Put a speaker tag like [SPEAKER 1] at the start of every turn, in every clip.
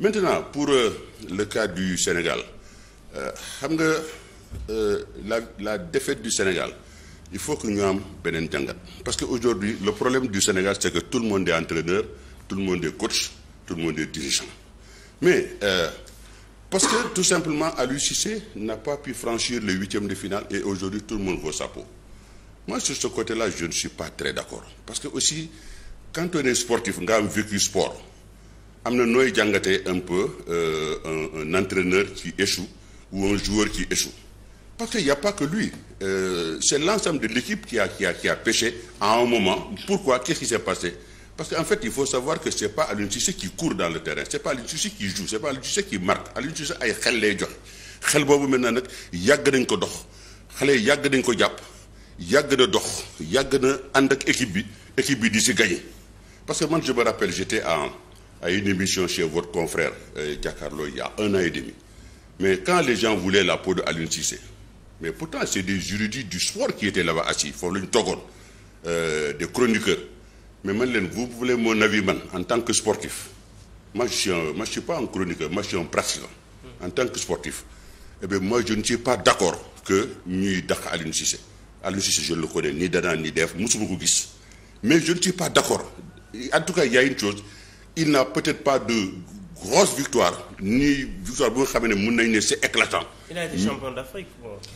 [SPEAKER 1] maintenant pour euh, le cas du Sénégal euh, xam nga euh, la la défaite du Sénégal il faut que ñu am beneen jàngat parce que aujourd'hui le problème du Sénégal c'est que tout le monde est entraîneur tout le monde est coach tout le monde est dirigeant mais euh, parce que tout simplement Aliou n'a pas pu franchir les huitièmes de finale et aujourd'hui tout le monde vaut sa peau moi sur ce côté-là je ne suis pas très d'accord parce que aussi quand on est sportif nga am vécu sport am na nooy jàngatee un peu euh, un, un entraîneur qui ou un joueur qui échoue parce qu'il n'y a pas que lui euh, c'est l'ensemble de l'équipe qui a qui a qui a pêché à un moment pourquoi qu'est-ce qui s'est fait il faut savoir que c'est pas Aliou Cissé qui court dans le terrain c'est pas Aliou Cissé qui joue c'est pas Aliou Cissé qui marque Aliou Cissé ay xel lay jox xel boobu maintenant nag yàgg nañ ko dox xale yi yàgg nañ ko jàpp yàgg na dox yàgg na ànd ak équipe bi équipe bi di si gagné parce que man je me ay une émission chez votre confrère euh, Diakarlo il y a un an et demi mais quand les gens voulaient la peau de Aliou Cissé mais pourtant c'est des juridis du sport qui étaient là-bas assis foofu la ñu toogoon euh, des chroniqueurs mais man leen vous voulez mon avis man en tant que sportif moi je suis un, moi je suis pas un chroniqueur moi je suis en tant que sportif eh bien moi je pas d'accord que ñuy dàq Aliou Cissé Aliou Cissé je ne le connais ni d'avant ni d'hier musuma ko gis mais je ne suis pas d'accord en il n'a peut-être pas de grosse victoire ni victoire bu nga xam ne mën nañu ne c'est éclatant. a été champion d'Afrique.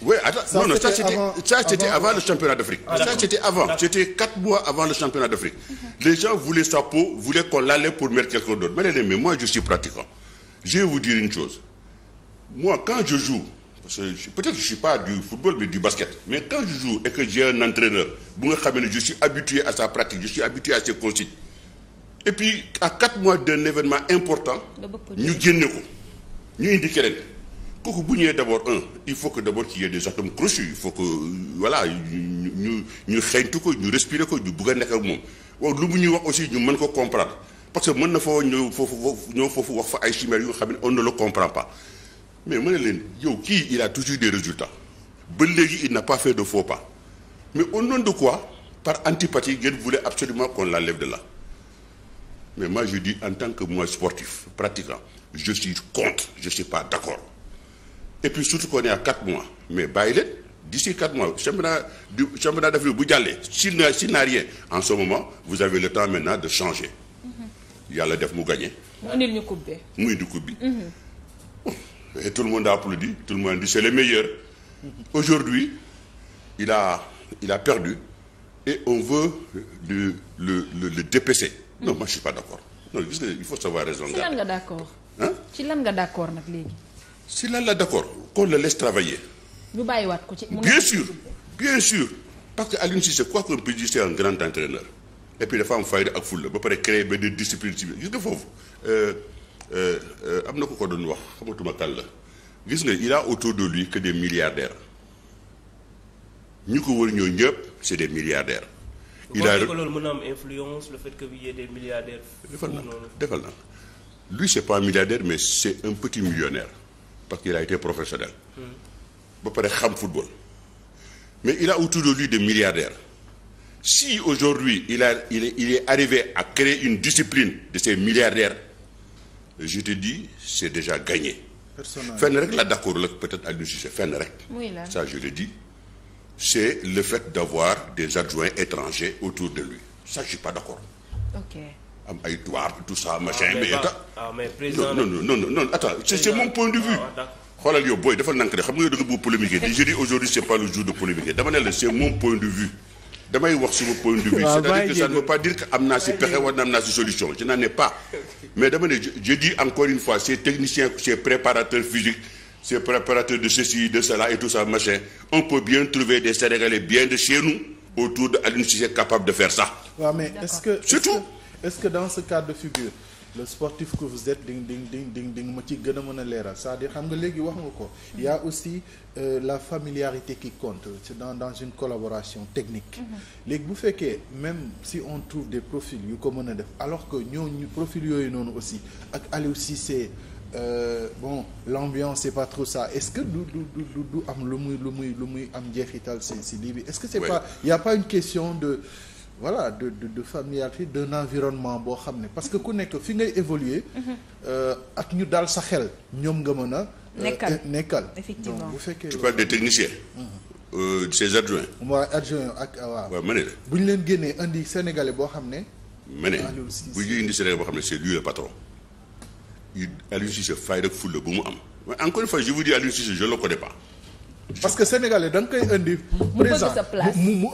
[SPEAKER 1] oui attends non non ça c'était ça c'était avant le championnat d'Afrique. Ah, ça c'était avant c'était quatre mois avant le championnat d'Afrique. Mhm. les gens voulaient sa peau voulaient qu'on pour mettre quelqu'un d'autre mais moi je suis pratiquant je vous dire une chose moi quand je joue parce que peut-être je suis pas du football mais du basket mais quand je joue et puis à quatre mois d'un événement important ñu génne ko ñu indi keneen kooku bu ñëwee d'abord un il faut que d'abord ci y ait des atomes crochus il faut que voilà ñu ñu ñu xeeñtu ko ñu respirer ko ñu bugg a nekk moom waaw lu mu ñuy wax aussi ñu mën ko comprendre parce que mën na foo ñëw foofu ñëw foofu wax fa ay chimères yu nga xam ne on ne le comprend pas mais mën na leen yow kii il a toujours des résultats ba léegi il n'a pas fait de faux pas mais au nom de quoi par antipathie ngeen voulait absolument qu'on de là mais moi je dis en tant que moi sportif pratiquant je suis contre je suis pas d'accord et puis surtout qu'on quatre mois mais bàyyi leen d'ici quatre mois championnat du championnat d'Afrique bu jàllee s'il n'a s'il n'a rien en ce moment vous avez le temps maintenant de changer
[SPEAKER 2] mm-hmm.
[SPEAKER 1] yàlla def mu gagné.
[SPEAKER 2] mu indil ñu coupe bi.
[SPEAKER 1] mu indi coupe bi. et tout le monde a applaudi tout le monde dit c'est le meilleur. Mm-hmm. aujourd'hui il a il a perdu et on veut le le le, non moi je suis pas d'accord non gis nga il faut savoir raison lan
[SPEAKER 2] nga d'accord ci lan nga d'accord nag léegi.
[SPEAKER 1] si lan la d'accord qu'on le laisse travailler.
[SPEAKER 2] ñu bàyyiwaat ko ci. bien
[SPEAKER 1] sûr bien sûr parce que Aliou Cissé quoi qu'on puisse dire c'est un grand entraîneur et dafa am fayda ak fulla ba pare créer benn discipline civile gis nga foofu euh, euh, euh, am na ko ko doon wax xamatuma kan la gis nga il a de lui que des milliardaires ñu ko wër ñoo ñëpp c'est des milliardaires. il a loolu
[SPEAKER 2] mën na am influence le fait que y ait des defal na
[SPEAKER 1] defal na lui c'est pas milliardaire mais c'est un petit millionnaire parce qu'il a été professionnel. Hmm. ba pare xam football. mais il a autour de lui des milliardaires si aujourd'hui il a il est, il arrivé à créer une discipline de ces milliardaires je te dis c'est déjà gagné. fenn rek la d'accord la peut-être Aliou Cissé fenn rek. ça je le dis. c'est le fait d'avoir des adjoints étrangers autour de lui ça je suis pas d'accord ok am ay douar tout ça ah, machin mais état ah, mais président non non non non attends c'est point de vue ah, xoolal yow booy dafa nank xam nga yow da nga bëgg di je aujourd'hui c'est pas le jour de polémiquer dama ne la c'est point de vue damay wax suma point de vue c'est-à-dire que ça ne veut pas dire que am na si pexe wala am naa si solution je n'en ai pas mais dama ne je dis encore une ces préparateurs de ceci, de cela et tout ça, machin, on peut bien trouver des Sénégalais bien de chez nous autour d'Alun Cissé capable de faire sa
[SPEAKER 2] Ouais, mais est-ce que, c'est est ce que dans ce cas de figure, le sportif que vous êtes ding ding ding ding ding ma ci gën a mën a leeral cest dire xam nga léegi wax nga ko il a aussi euh, la familiarité qui compte c'est dans dans une collaboration technique mm-hmm. léegi bu fekkee même si on trouve des profils yu ko mën a def alors que ñooñu profils yooyu noonu aussi ak Aliou Cissé Euh, bon l'ambiance c'est pas trop ça est-ce que du du du du am lu muy lu muy lu muy am njeexital si si lii bi est-ce que c'est ouais. pas y a pas une question de voilà de de de familiarité d'un environnement boo xam ne parce que ku nekk fi ngay évoluer mm-hmm. euh, ak ñu daal sa xel ñoom nga mën a euh, nekkal effectivement bu fekkee tu parles des techniciens mm-hmm.
[SPEAKER 1] euh, ces adjoints
[SPEAKER 2] ah, waaw adjoints ak waaw waaw ma ne la bu ñu leen génnee indi sénégalais boo xam ne
[SPEAKER 1] ma ne bu ñu indi sénégalais boo xam ne c'est lui Aliou Cissé fayda ak fulla bu mu am mais encore une je vous dis Aliou Cissé je connais pas. parce
[SPEAKER 2] que sénégalais da nga indi. mu bëgg sa place mu mu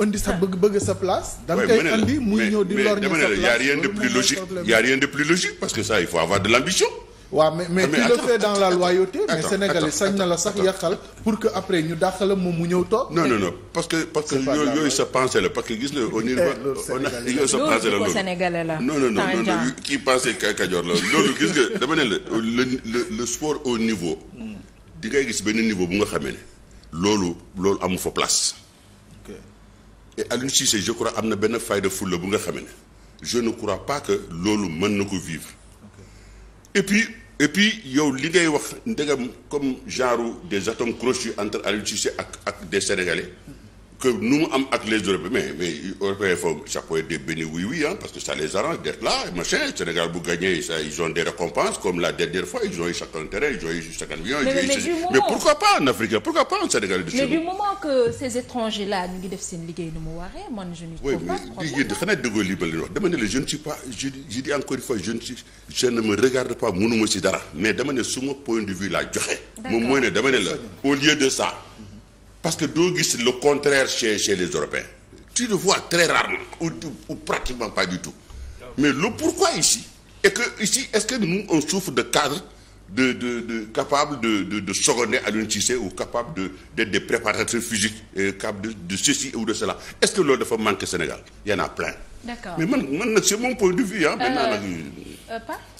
[SPEAKER 2] indi
[SPEAKER 1] muy ñëw di lorgner sa place mais mais dama de plus logique y a de plus logique parce que ça il faut avoir de l'ambition waaw mais
[SPEAKER 2] mais ah, tu le fais la loyauté mais sénégalais sañ na la sax yàqal pour que après ñu dàq la moom mu ñëw toog. non non non
[SPEAKER 1] parce que parce que yooyu yooyu sa pensée la parce que gis na au niveau. Eh, on a yooyu sa pensée la loolu. non non non loolu gis nga dama ne la le sport au niveau. Hmm. di ngay gis benn niveau bu nga xamee ne loolu loolu amu fa place. ok et Aliou Cissé je crois am na benn fayda fulla bu nga xamee ne je ne crois pas que loolu mën na ko vivre. et puis puis yow li ngay wax ndegam comme genre des atomes crochus entre Aliou ak ak des Sénégalais. que nous am ak les Européens mais mais Européens foofu ça peut être des bénis oui oui parce que ça les arrange d'être là et machin Sénégal bu gagné ça ils ont des récompenses comme la dernière fois ils ont eu 50 terrains ils ont eu 50 millions. mais pourquoi pas en Afrique pourquoi pas en Sénégal. du mais du
[SPEAKER 2] moment que ces étrangers là ñu ngi def seen liggéey nu mu waree
[SPEAKER 1] la je suis pas je encore une fois suis je ne regarde pas mënuma si parce que doo gis le contraire chez chez les Européens tu le vois très rarement ou, pratiquement pas du tout mais le pourquoi ici est que ici est-ce que nous on souffre de cadres de de de capables de de de seconder Aliou Cissé ou capables de d'être des préparateurs physiques euh, de ceci ou de cela est-ce que loolu dafa manqué Sénégal y en a plein.
[SPEAKER 2] mais man nag
[SPEAKER 1] c'est mon point de vue ah. maintenant euh, nag.
[SPEAKER 2] Euh,